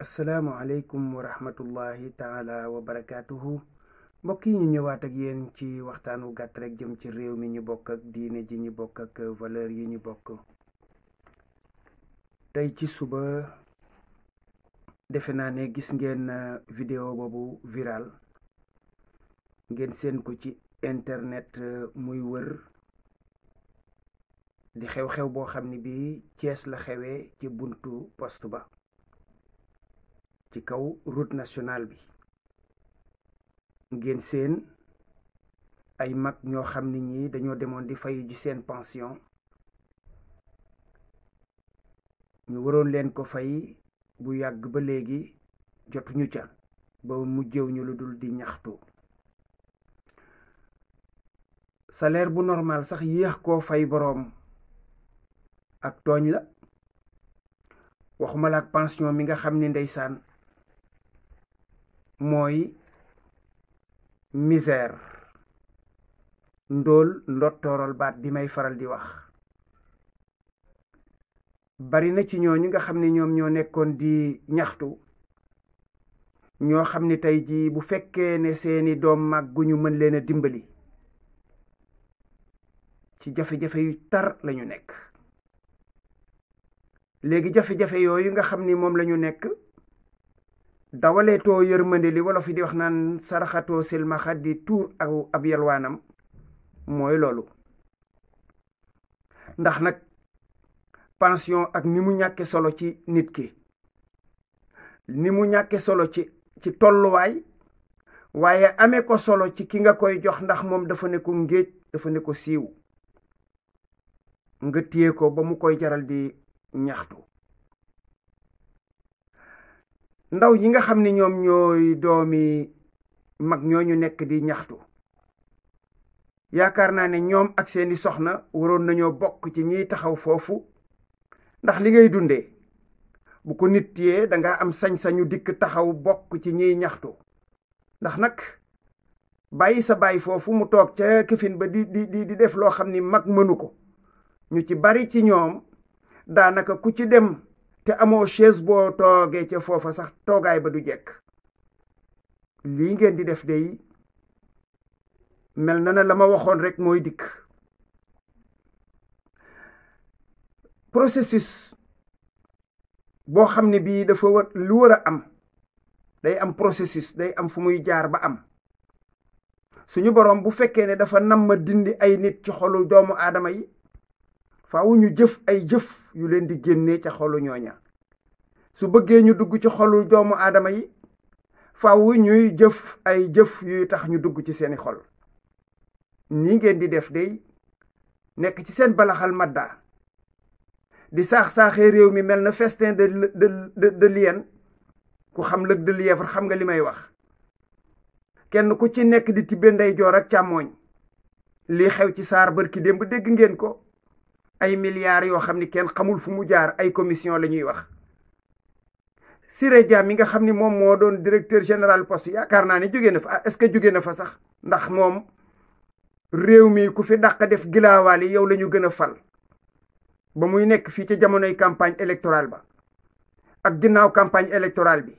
asalaamualeykum wa rahmatullahi taala wa barakaatuhu mbokk yi ñu ñëwaat ak yéen ci waxtaan wu gàtt rek jëm ci réew mi ñu bokk ak diine ji ñu bokk ak valeur yi ñu bokk tey ci suba defe naa ne gis ngeen uh, vidéo boobu viral ngeen seen ko ci internet uh, muy wër di xew-xew boo xam ni bii Cees la xewee ci buntu poste ba ci kaw route nationale bi ngeen seen ay mag ñoo xam ni ñi dañoo demoon di fayu ji seen pension ñu waroon leen ko fay bu yàgg ba léegi jotuñu ca ba mujjëw ñu lu dul di ñaxtu salaire bu normal sax yéex koo fay boroom ak tooñ la waxuma la ak mi nga xam ni ndeysaan mooy misère ndóol ndottoorol baat bi may faral di wax bari na ci ñooñu nga xam ne ñoom ñoo nekkoon di ñaxtu ñoo xam ni tey jii bu fekkee ne seeni doom màgguñu mën leen a dimbali ci jafe-jafe yu tar lañu nekk léegi jafe-jafe yooyu nga xam ni moom lañu nekk dawaleetoo yërmande li wolof yi di wax naan saraxatoo silmaxa di tuur ak ab yalwaanam mooy loolu ndax nag pension ak ni mu ñàkke solo ci nit ki ni mu ñàkkee solo ci ci tolluwaay waaye amee ko solo ci ki nga koy jox ndax moom dafa ne ko ngéej dafa ne ko siiw nga téye ko ba mu koy jaral di ñaxtu ndaw ñi nga xam ni ñoom ñooy doomi mag ñooñu nekk di ñaxtu yaakaar naa ne ñoom ak seeni soxna waroon nañoo bokk ci ñiy taxaw foofu ndax li ngay dundee bu ko nit yee danga am sañ-sañu dikk taxaw bokk ci ñiy ñaxtu ndax nag bàyyi sa bàyyi foofu mu toog ca këfin ba di di di def loo xam ni mag mënu ko ñu ci bari ci ñoom daanaka ku ci dem te amoo chaise boo toogee ca foofa sax toogaay ba du jekk lii ngeen di def day mel na ne la ma waxoon rek mooy dikk procesus boo xam ne bii dafa war lu war a am day am processus day am fu muy jaar ba am suñu boroom bu fekkee ne dafa namm dindi ay nit ci xolu doomu aadama yi faaw ñu jëf ay jëf yu leen di génnee ca xolu ñooña su bëggee ñu dugg ci xolu doomu aadama yi faaw ñuy jëf ay jëf yuy tax ñu dugg ci seeni xol ni ngeen di def dey nekk ci seen balaxal maddaa di saax-saaxee réew mi mel na festin de de de lienne ku xam lëg de lièvre xam nga li may wax kenn ku ci nekk di tibbe ndeyjoor ak càmmooñ lii xew ci saar bërki démb dégg ngeen ko ay milliards yoo xam ni kenn xamul fu mu jaar ay commission la ñuy wax Siré Dia mi nga xam ni moom moo doon directeur général poste yaakaar naa ne jóge na fa ah, est-ce que jóge na fa sax ndax moom réew mi ku fi daq def gilaawaali yow lañu ñu gën a fal ba muy nekk fii ca jamonoy campagne électorale ba ak ginnaaw campagne électorale bi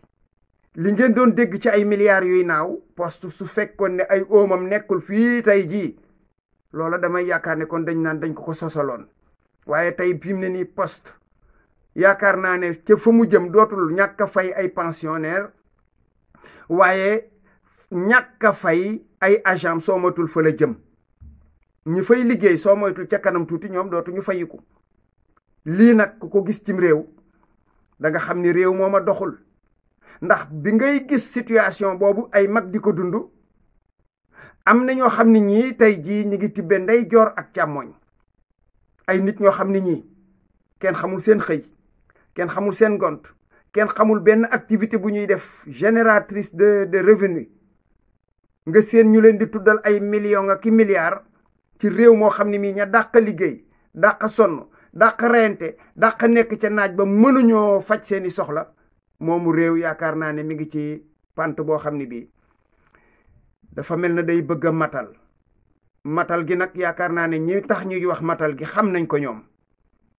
li ngeen doon dégg ci ay milliards yuy naaw post su fekkoon ne ay oomam nekkul fii tey jii loola damay yaakaar ne kon dañ naan dañ ko ko sosaloon waaye tey fi mu ne nii poste yaakaar naa ne ca fa mu jëm dootul ñàkk a fay ay pensionnaire waaye ñàkk fay ay agent soo moytul fa jëm ñu fay liggéey soo moytul ca kanam tuuti ñoom dootu ñu fayiku lii nag ku ko gis cim réew danga xam ni réew mooma doxul ndax bi ngay gis situation boobu ay mag di ko dund am na ñoo xam ne ñii tey jii ñu ngi tibbe ndey joor ak càmmoñ ay nit ñoo xam ne ñii kenn xamul seen xëy kenn xamul seen gont kenn xamul benn activité bu ñuy def génératrice de de revenu nga séen ñu leen di tuddal ay millions ak i ci réew moo xam ne mii ña dàq liggéey dàq sonn dàq daq dàq nekk ca naaj ba mënuñoo faj seeni soxla moomu réew yaakaar naa ne mi ngi ci pant boo xam ne bii dafa mel na day bëgg a matal matal gi nag yaakaar naa ne ñi tax ñuy wax matal gi xam nañ ko ñoom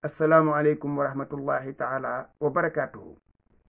asalaamualeykum wa rahmatullahi taala wa barakaatuhu